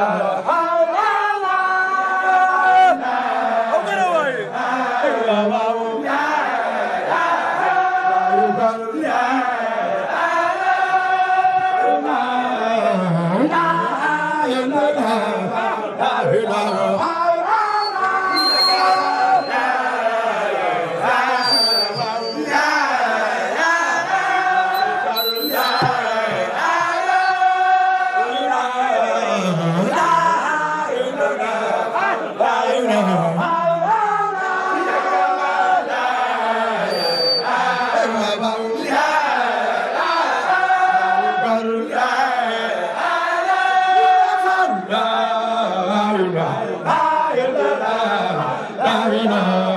Hallelujah. la ilaha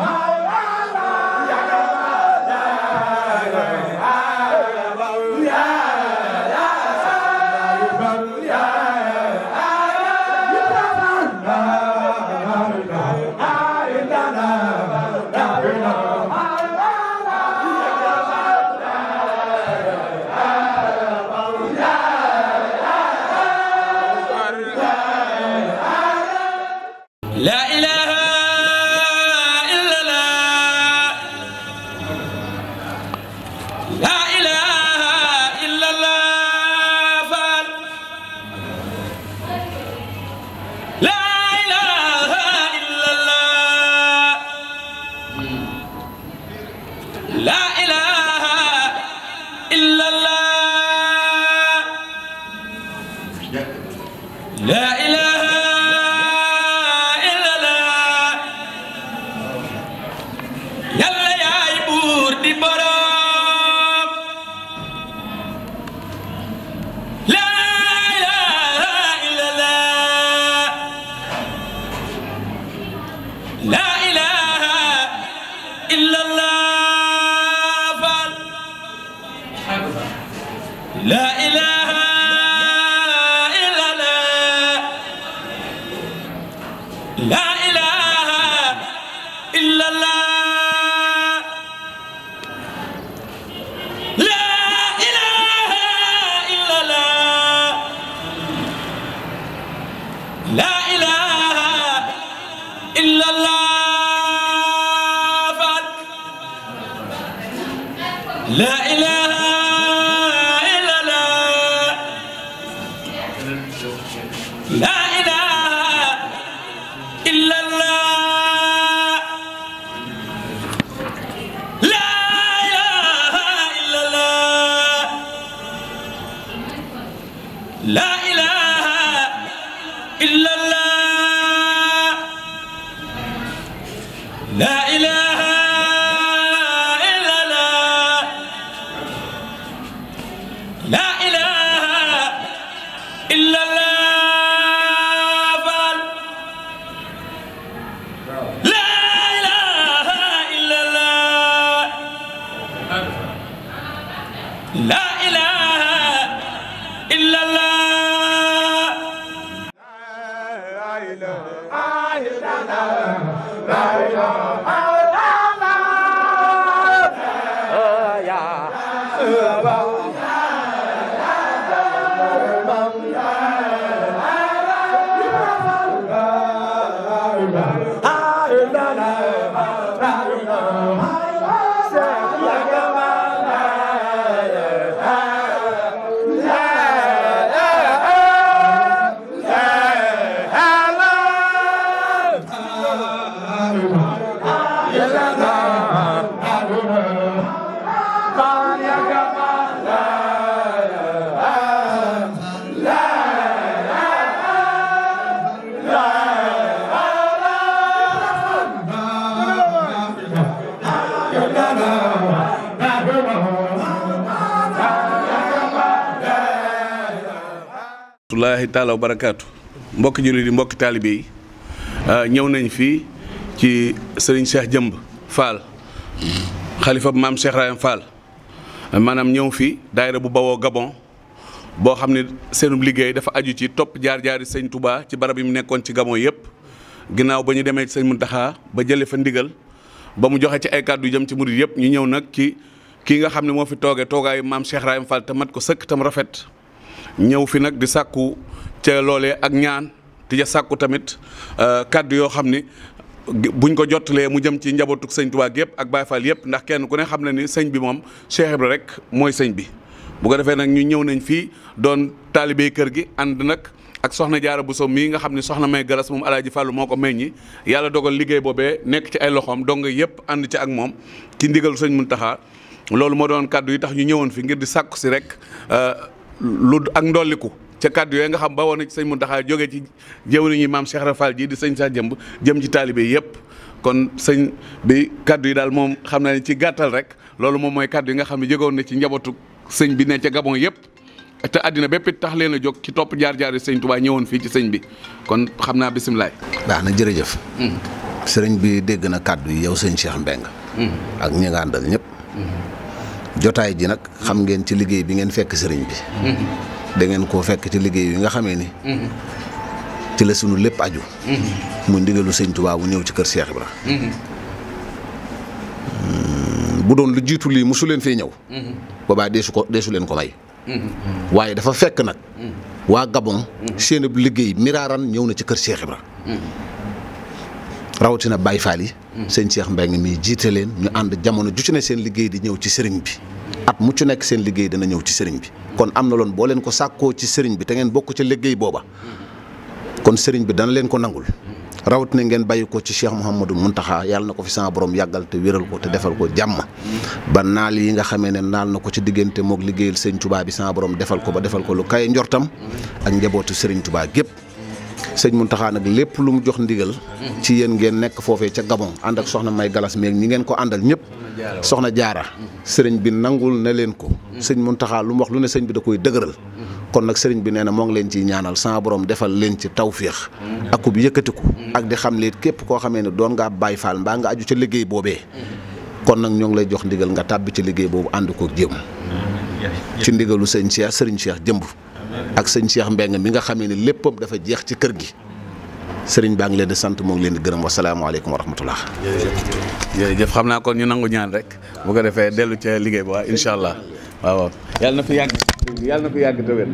la ilaha la ilaha illa allah la ilaha illa allah la ilaha illa allah ya rahmatullahi taala wa barakaatu mbokki jullit yi mbokki taalibe yi ah, ñëw nañ fii ci sëriñ Cheikh Jëmb Fall xalifa bu maam Cheikh Rayam Fall maanaam ñëw fi daayira bu bawoo Gabon boo xam ne seenub liggéey dafa aju ci topp jaar-jaari sëñ Touba ci barab yi mu nekkoon ci Gabon yëpp ginnaaw ba ñu demee ci sëñ Muntaxa ba jëlee fa ndigal ba mu joxe ci ay kàddu yu jëm ci murid yëpp ñu ñëw nag ci kii nga xam ne moo fi toogee toogaayu maam Cheikh Rayam Fall te mat ko sëkk tam rafet ñëw fi nag di sàkku ca loolee ak ñaan di sàkku tamit euh, kàddu yoo xam ni buñ ko jottalee mu jëm ci njabootu sëñ Tuubaa gi yëpp ak Baay Faal yëpp ndax kenn ku ne xam na ni sëñ bi moom Cheikh Ibra rek mooy sëñ bi. bu ko defee nag ñu ñëw nañ fii doon taalibey kër gi ànd nag ak soxna jaara so mii nga xam ne soxna may galas moom alaaji fàllu moo ko meññi yàlla dogal liggéey boobee nekk ci ay loxoom dong yëpp ànd ci ak moom ci ndigal sëñ Muntaxa loolu moo doon kàddu yi tax ñu ñëwoon fi ngir di sàkku si rek. Euh, lu ak ndolliku ca kàddu yooyu nga xam ba woon na ci sëñ Muntaxa jóge ci jëwriñu maam Cheikh Rafal jii di sëñ Cheikh Jëmb jëm ci taalibe yëpp kon sëñ bi kàddu yi daal moom xam naa ne ci gàttal rek loolu moom mooy kàddu yi nga xam ne jógoon na ci njabootu sëñ bi ne ca Gabon yëpp te àddina bépp tax leen a jóg ci topp jaar-jaar yi sëñ Touba ñëwoon fii ci sëñ bi kon xam naa bisimilah. baax na jërëjëf. Hmm. sëriñ bi dégg na kàddu yi yow sëñ Cheikh Mbeng hmm. ak ñi nga àndal ñëpp. Hmm. jotaay ji nag xam ngeen ci liggéey bi ngeen fekk sëriñ bi. Mm-hmm. da ngeen koo fekk ci liggéey bi nga xamee ni. Mm-hmm. ci la sunu lépp aju. Mm-hmm. mu ndigalu sëñ Tuubaa bu ñëw ci kër Cheikh Ibra. Mm, bu doon lu jiitu lii mosu leen fee ñëw. boobaa deesu ko deesu leen ko may. waaye dafa fekk nag. waa Gabon. seen liggéey miraaran ñëw na ci kër Cheikh Ibra. rawatina Baye Fall yi. sëñ Cheikh Mbengue mii jiite leen ñu ànd jamono ju ci ne seen liggéey di ñëw ci sëriñ bi at mucc ci nekk seen liggéey dana ñëw ci sëriñ bi kon am na loon boo leen ko sàkkoo ci sëriñ bi te ngeen bokk ci liggéey booba kon sëriñ bi dana leen ko nangul rawat na ngeen bàyyi ko ci Cheikh mun Mountakha yàlla na ko fi sama borom yàggal te wéral ko te defal ko jàmm ba naal yi nga xamee ne naal na ko ci diggante moog liggéeyal sëriñ Touba bi sama borom defal ko ba defal ko lu kaye njortam ak njabootu sëriñ Touba gépp sëñ mun Muntaxa nag lépp lu mu jox ndigal ci yéen ngeen nekk foofee ca Gabon ànd ak soxna May Galas meeg ñi ngeen ko àndal ñëpp soxna jaara sëriñ bi nangul na leen ko sëñ mun Muntaxa lu mu wax lu ne sëñ bi da koy dëgëral kon nag sëriñ bi nee na moo ngi leen ci ñaanal sama boroom defal leen ci tawféex ak ku bi ko ak di xam liit képp koo xamee ne doon ngaa bàyyi faal mbaa nga aju ca liggéey boobee kon nag ñoo ngi lay jox ndigal nga tàbbi ci liggéey boobu ànd ko jëm ndigalu sëñ Cheikh sëriñ Cheikh jëmb ak sëñ Cheikh Mbeng mi nga xam ne léppam dafa jeex ci kër gi sëriñ baa ngi leen di sant moo ngi leen di gërëm wasalaamaaleykum wa rahmatullah. jërëjëf xam naa kon ñu nangu ñaan rek bu ko defee dellu ca liggéey ba incha allah waaw yàlla na fi yàgg yàlla na fi yàgg te wér.